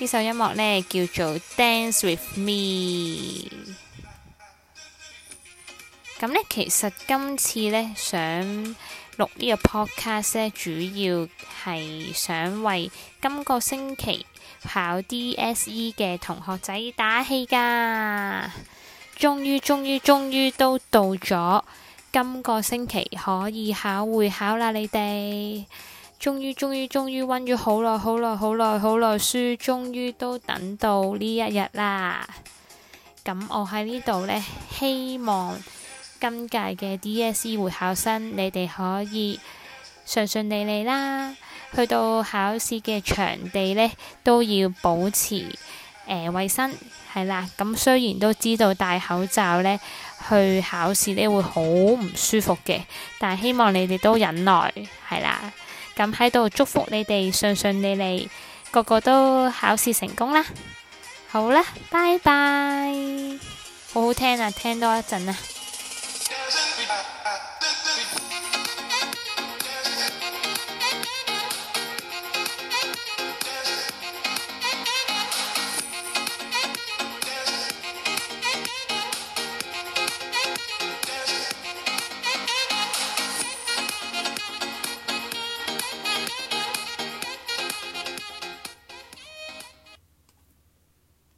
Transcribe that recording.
呢首音樂呢叫做《Dance with Me》。咁呢，其實今次呢想錄呢個 Podcast 呢，主要係想為今個星期考 DSE 嘅同學仔打氣㗎。終於，終於，終於都到咗今個星期可以考會考啦！你哋。終於，終於，終於溫咗好耐，好耐，好耐，好耐書，終於都等到呢一日啦。咁我喺呢度呢，希望今屆嘅 DSE 會考生，你哋可以順順利利啦。去到考試嘅場地呢，都要保持誒衞生係啦。咁雖然都知道戴口罩呢去考試呢會好唔舒服嘅，但係希望你哋都忍耐係啦。咁喺度祝福你哋順順利利，個個都考試成功啦！好啦，拜拜，好好聽啊，聽多一陣啊！